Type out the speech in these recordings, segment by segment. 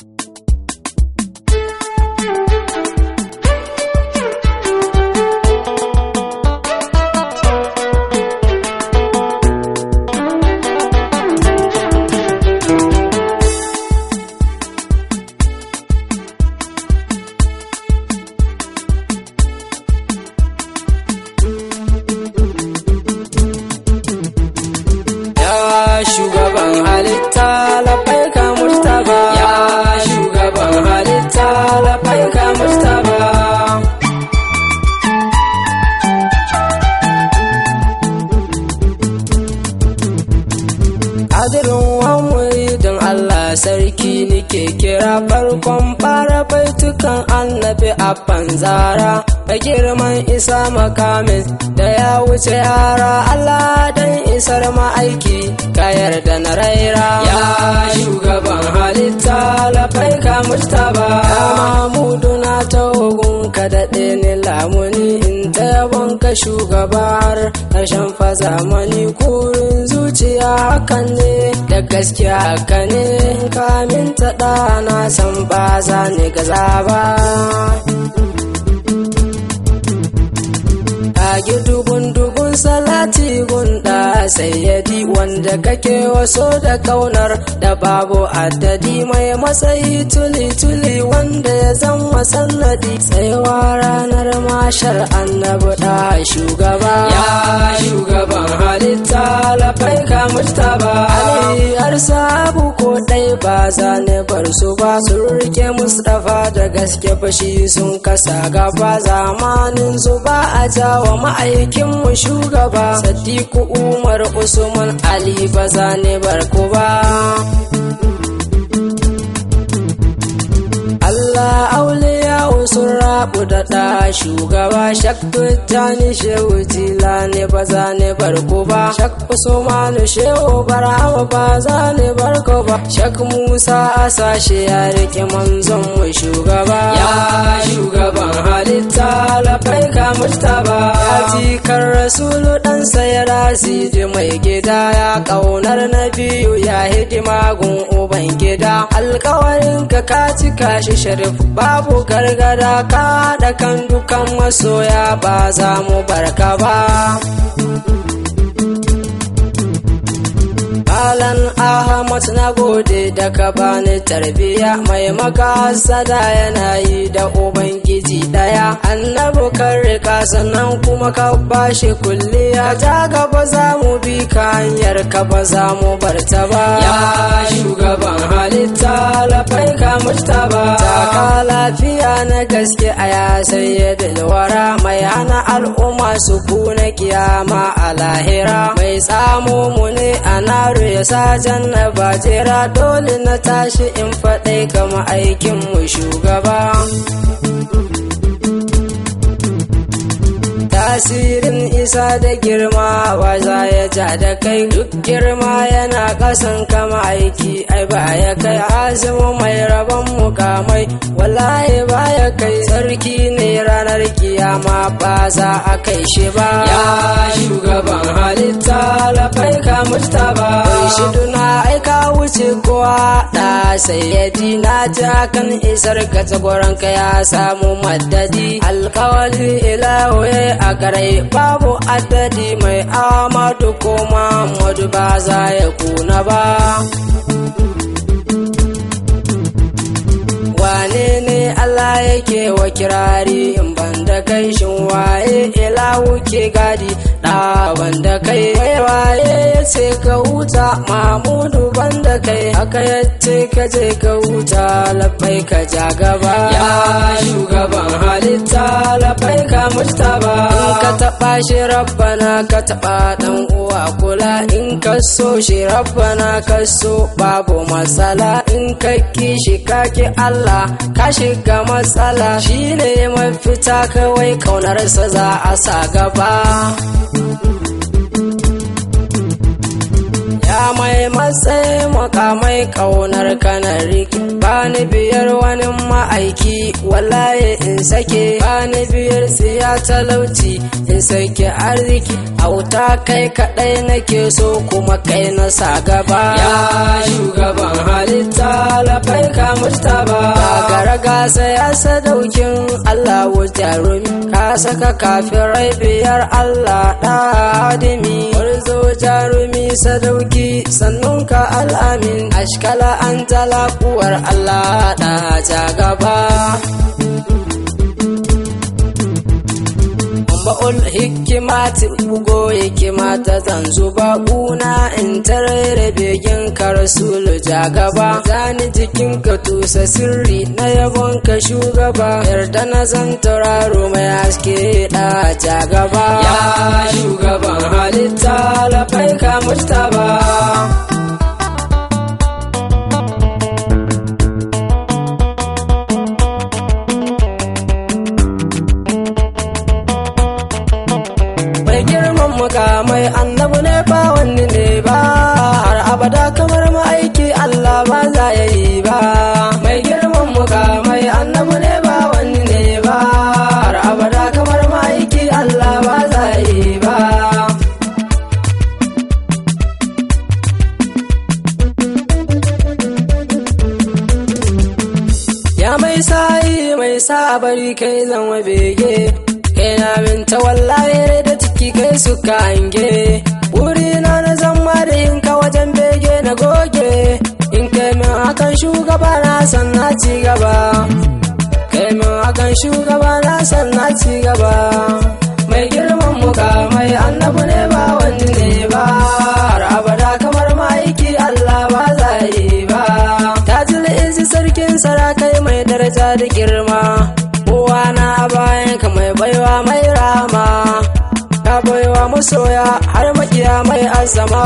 Thank you. san annabi a banzara da girman isa makamin da ya wuce yara Allah dan isar ma'aiki ka yarda na raira ya shugaban halitta lafai ka mustaba mamudu na tawagun ka daɗe ni lamuni in ta yabon ka shugabar ƙarshen fa zamani kurin zuciya hakan ne da gaskiya haka ne kamin ta ɗana san ba za ni gaza ba you do salati gunda sayyadi wanda kake waso da kaunar da babu addadi mai matsayi tuli-tuli wanda ya zama sannadi tsayawa ranar mashar annabi da shugaba ya shugaban halitta lafai ka mustaba ali har sabu ko dai ba zane bar su ba sun rike mustafa da gaske fashi sun kasa gaba zamanin su ba a jawa ma'aikin mu shu shugaba Sadiku Umar Usman Ali ba zane barku ba da auliya sun rabu da ɗa shugaba shak ni shehu tila ne ba za ne barko ba shak usmanu shehu barawa ba za ne barko ba shak musa a sashe ya rike manzon mu shugaba ya shugaban halitta labai ka ba ya jikar rasulu dan sayara da mai gida ya kaunar na biyu ya hidima gun uban gida alkawarin ka ka cika shi shari babu gargada ka da kan dukan masoya ba za mu barka ba Alan Ahmad na gode da ka bani tarbiya mai makasada yana yi da uban minti daya annabu kan rika sannan kuma ka bashi kulliya ta gaba za mu bi ka hanyar ka ba za mu barta ba ya shugaban halitta lafai ka ta ka lafiya na gaske a ya sayyidul wara mai hana al'umma su kuna kiyama a lahira mai tsamo mu ne a naro ya sa janna dole na tashi in faɗai kama aikin mu shugaba tasirin isa da girma ba za ya ja da kai duk girma yana kasan kama aiki ai ba ya kai azumu mai rabon mukamai wallahi ba ya kai sarki ne ranar kiyama ba za a kai shi ba ya shugaban halitta lafai ka mustaba shi duna aika wuce kowa ya ji na ji kan isar ka tsagoron ka ya samu madadi alkawali ilahu ya a garai babu adadi mai amadu ko muhammadu ba za ya kuna ba wane Allah yake wa kirari in banda kai shin waye ila ke gadi da banda kai waye sai ka huta mamudu banda kai aka yace ka je ka huta lafai ka ja gaba ya shugaban halitta lafai ka mustaba in ka taba shi rabbana ka taba dan uwa kula in ka so shi rabbana ka so babu masala in ka kishi kake Allah kashi ga matsala shine mafita kawai kaunarsa za a sa gaba mai matsayi makamai kaunar kanari ba ni biyar wani ma'aiki wallaye in sake ba ni biyar siya talauci in sake arziki auta kai kadai nake so kuma kai na sa gaba ya shugaban halitta labai ka mustaba gara gasa ya sadaukin Allah jarumi ka saka rai biyar Allah da adimi warzo jarumi sadauki rabbi ka al'amin ashkala an talakuwar Allah da ta gaba saba'ul hikimati bugo ta zanzu ba kuna in tarere begin karasul jagaba zani jikin ka tusa sirri na yabon ka shugaba yarda na zan tauraro mai haske da jagaba ya shugaban halitta labai ka mustaba mai annabu ne ba wani ne ba har abada kamar ma'aiki Allah ba za ya yi ba mai girman mukamai annabu ne ba wani ne ba har abada kamar ma'aiki Allah ba za ya yi ba ya mai sa'i mai sa bari kai zama be ka ange wuri na zama da yinka ka wajen bege na goge in kai akan shugaba na san na ci gaba kai akan shugaba na san na ci gaba mai girman muka mai annabu ne ba wani ne ba har abada kamar ma'aiki Allah ba za yi ba tajil izi sarkin sarakai mai daraja da girma mu masoya har makiya mai azama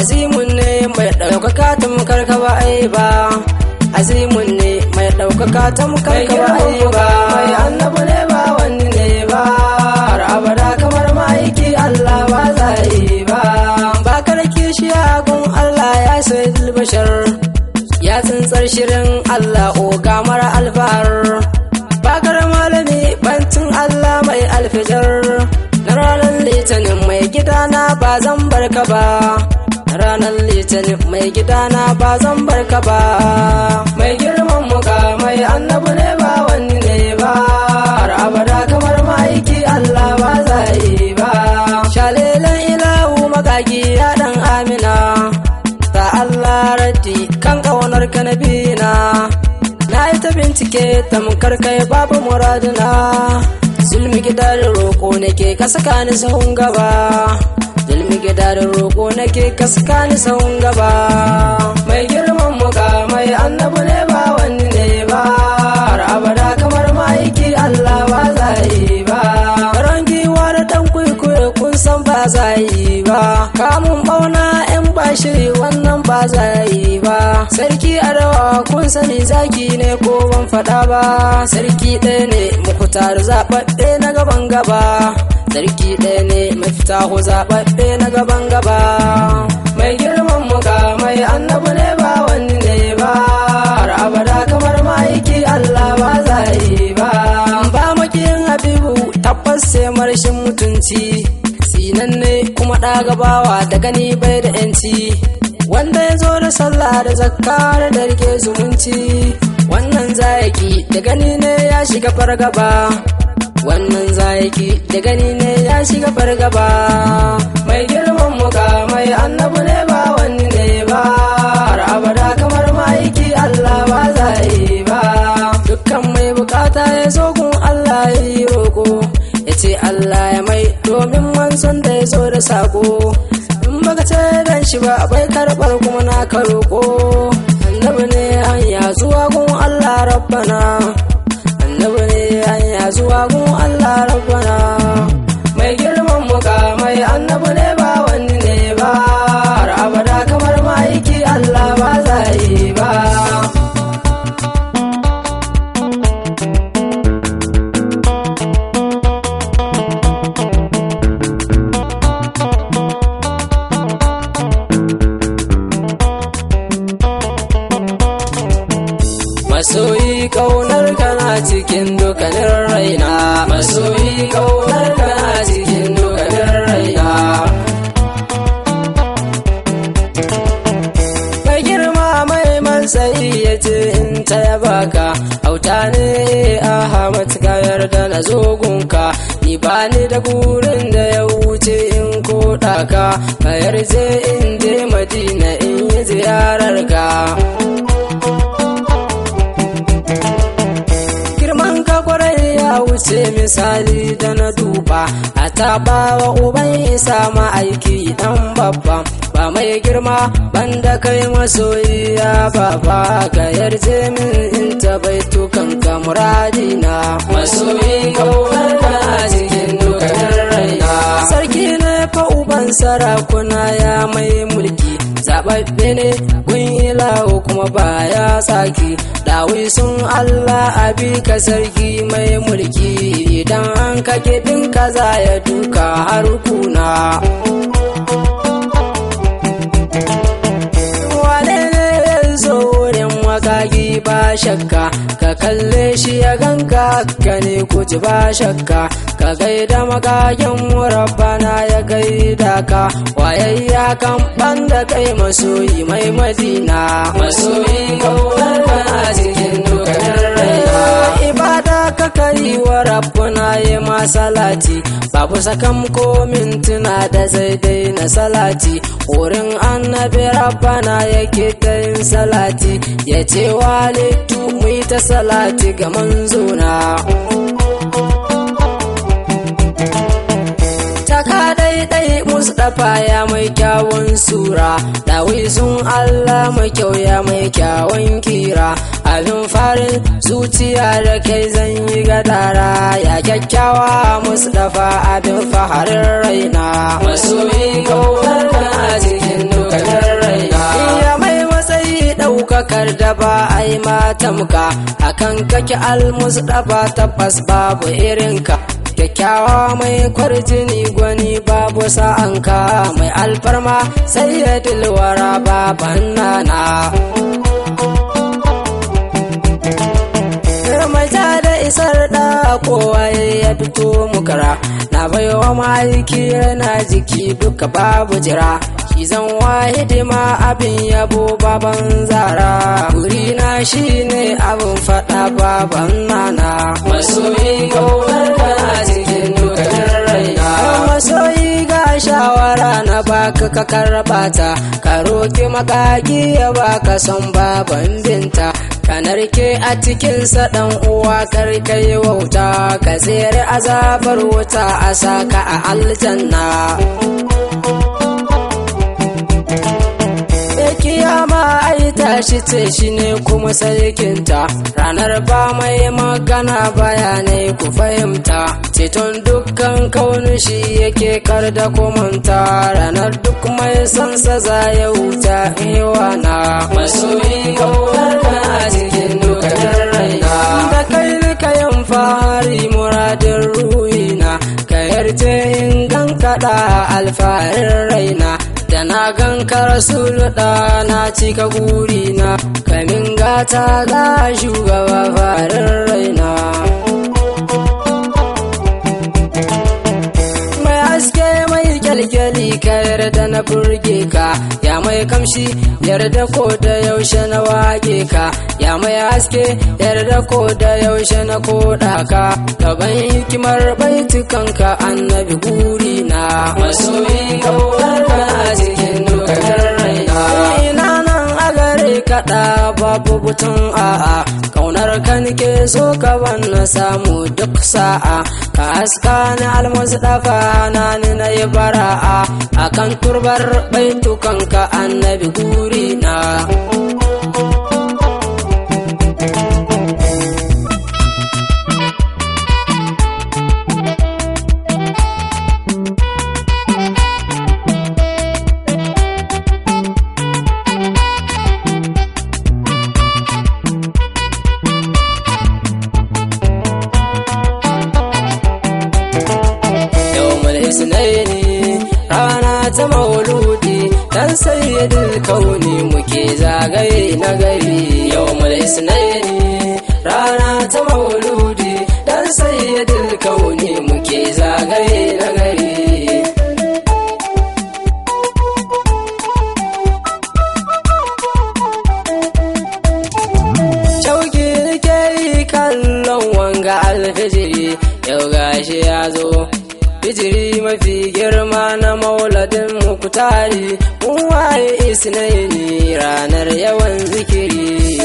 azimun ne mai ɗaukaka tamkar ka ba ai ba azimun ne mai ɗaukaka tamkar ka ba ai ba mai annabu ne ba wani ne ba har abada kamar ma'aiki Allah ba za yi ba ba karki shi gun Allah ya sai dilbashar ya tsintsar shirin Allah o kamar alfahar bakar malami bantin Allah mai alfajar ranar litinin mai gidana ba zan barka ba ranar litinin mai gidana ba zan barka ba mai girman muka mai annabu ne ba wani ne ba har abada kamar ma'aiki Allah ba za yi ba shalilan ilahu magagi ya dan amina ta Allah raddi kan kaunar ka na bina na yi ta bincike tamkar kai babu muraduna gidan roƙo nake ka ni sahun gaba ilmi gidan roƙo nake ka ni sahun gaba mai girman muka mai annabu ne ba wani ne ba har abada kamar ma'aiki Allah ba za yi ba rangi wani dan ɗan kwaikwayo kun san ba za yi ba kamun shiri wannan ba za yi ba sarki a kun sani zaki ne ko ban faɗa ba sarki ɗaya ne muku taru zaɓaɓɓe na gaban gaba sarki ɗaya ne mafita ku zaɓaɓɓe na gaban gaba mai girman muka mai annabu ne ba wani ne ba har abada kamar ma'aiki Allah ba za yi ba ba makin habibu tabbas sai marshin mutunci sinan ne kuma ɗa gabawa da gani bai da yanci wanda ya zo da sallah da zakka da rike zumunci wannan zayaki da gani ne ya shiga fargaba wannan zayaki da gani ne ya shiga fargaba mai girman muka mai annabu ne ba wani ne ba har abada kamar ma'aiki Allah ba za ba dukkan mai bukata ya zo kun Allah ya yi roko ya ce Allah ya mai domin son da ya zo da sako in baka ce dan shi ba bai karbar kuma na ka roƙo annabi ne hanya zuwa gun Allah rabbana annabi ne hanya zuwa gun Allah rabbana na zogonka ni ba ni da gurin da ya wuce in ko ka bayar je in je madina in yi ziyarar ka girman ka kwarai ya wuce ce misali da na duba a tabawa uban isa aiki dan babba ba mai girma banda kai masoyiya ba. ga yarje min in tabaitukan ka muradina masoyi kaunar ka cikin dukkan raina sarki na fa uban sarakuna ya mai mulki zaɓaɓɓe ne gun ilawo kuma ba ya saki dawi sun allah abi ka sarki mai mulki tasiri dan an ka kidin kaza ya duka har kuna shakka ka kalle shi ya ganka ne ku ji ba shakka ka gaida magayin na ya gaida ka wayayya kan da kai masoyi mai madina masoyi kaunar a cikin ibada ka kai wa rabbuna ya ma salati babu sakam ko mintuna da zai daina salati wurin annabi rabbana yake ta yin salati ya ce wale matattu ta salati ga manzona taka ɗaiɗai musu ya mai kyawun sura ɗawi sun allah mai kyau ya mai kyawun kira abin farin zuciya da kai zan yi gadara ya kyakkyawa musu abin faharin raina masoyi kawar a cikin dukkanin raina mafi ɗaukakar da ba a yi matamka a kan kake ba tabbas babu irinka kyakkyawa mai kwarjini gwani babu sa'anka mai alfarma sai ya dilwara baban nana isar da kowa ya fito mukara na baiwa ma'aiki yana jiki duka babu jira izan hidima abin yabo baban zara shi ne abin fada baban nana masoyi gaunar kana cikin dukkan raina masoyi ga shawara na baka ka bata ka roki makaki ya baka son baban binta kanar ke a cikin ɗan uwa karkai wauta ka zere azabar wuta a saka a aljanna kiyama ai tashi ce shi ne kuma sarkinta ranar ba mai magana bayanai ku fahimta ceton dukkan kaunu shi yake kar da kumanta ranar duk mai sansa za ya wuta masu yi kawar a cikin dukkan raina da kai ni kayan fahari muradin ruhina ka yarje in gan kaɗa alfaharin raina na rasul da na cika gurina kamin gata da shugaba farin raina mai haske mai kyalkyali ka yarda na burge ka ya mai kamshi yarda ko da yaushe na wage ka ya mai haske yarda ko da yaushe na koda ka ban hikimar baitukanka annabi gurina masoyi ba babu butun a'a kaunar ka nike so ka na samu duk sa'a ka aska ni almozi dafa na ni na yi bara'a akan turbar baitukanka annabi guri na ne rana ta mauludi dan sayyidul kauni muke zagaye na gari yau ne rana ta mauludi dan sayyidul kauni muke zagaye na gari kallon wanga yau gashi ya zo hijiri mafi girma na mauladin mukutari waye isnaini ranar yawan zikiri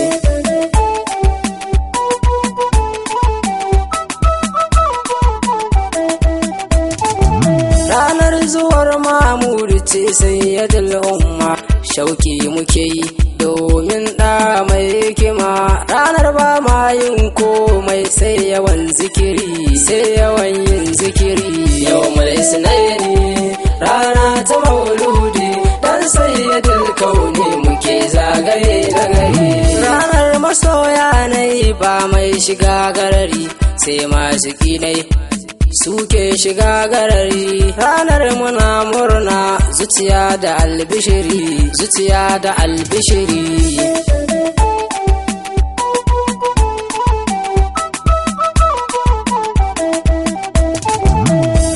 ranar zuwar mamuri ce sai ya umma shauki muke yi domin ɗa mai hikima ranar ba ma yin komai sai yawan zikiri sai yawan yin zikiri yau mai sinaini rana ta mauludi dan sayyidul ne muke zagaye zagaye ranar masoya nai ba mai shiga garari sai masu kinai suke shiga garari ranar muna murna zuciya da albishiri zuciya da albishiri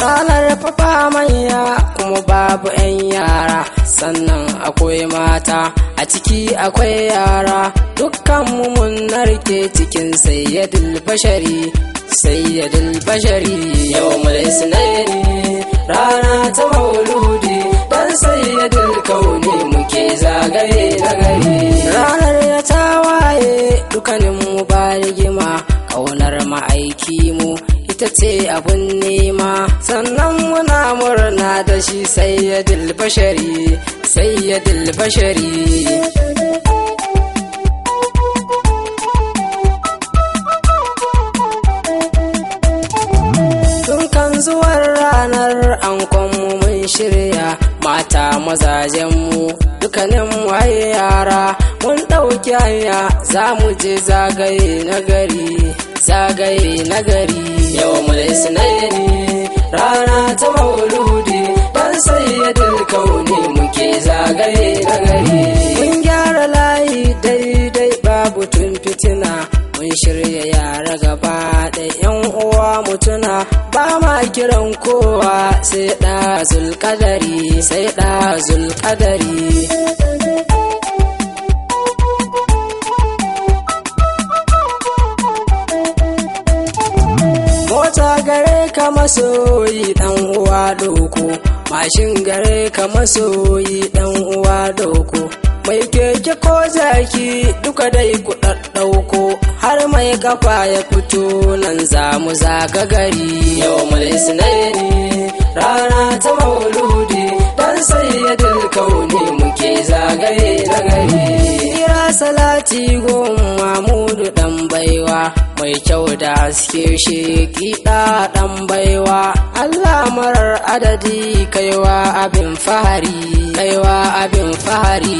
Ranar fafa manya kuma babu 'yan yara sannan akwai mata a ciki akwai yara dukkan mu mun narke cikin sayyadul bashari سيد البشر يوم الاثنين rana ta دان سيد الكون muke zagaye na gari ta waye dukanin mu ba rigima kaunar ma'aiki mu ita ce abun nema sannan muna murna da shi sayyadil bashari sayyadil bashari mata mazajenmu dukanin waye yara mun ɗauki hanya za mu je zagaye nagari zagaye nagari yau mulai rana ta mauludi dan sayyidul kauni muke zagaye nagari mun gyara layi daidai babu tun fitina mun shirya yara gaba ɗaya kowa mutuna ba ma kiran kowa sai da zulkadari sai da zulkadari mota gare ka masoyi dan uwa doko mashin gare ka masoyi dan uwa doko mai keke ko zaki duka dai ku ɗaɗɗauko har mai kafa ya fito nan za mu zaga gari yau mulki rana ta mauludi dan sai ya dalkauni muke zagaye na gari salati goma mamudu dan baiwa mai kyau da haske shi kiɗa dan baiwa Allah marar adadi kaiwa abin fahari kaiwa abin fahari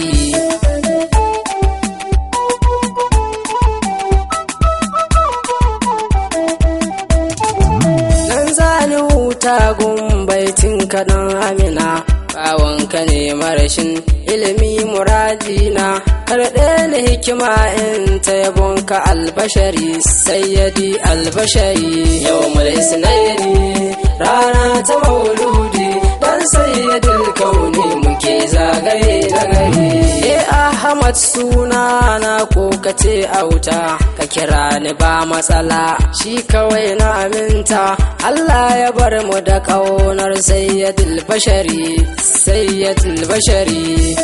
tagun baitin kaɗan amina sha'awanka ne marashin ilimi muradina har ɗaya hikima in ta yabonka albashari sayyadi albashari yau sinayyari rana ta mauludi sayyidul ne muke zagaye eh ahmad suna na ko kace auta ka kira ni ba matsala shi kawai na aminta Allah ya bar mu da kaunar sayyidul bashari sayyidul bashari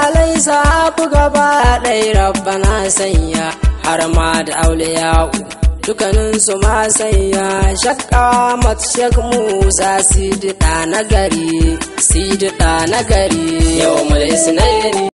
alai sahabu gaba ɗai rabbana sanya har ma da auliya'u dukaninsu ma sanya shakka matshek musa sidida nagari nagari sidida na gari yau mulki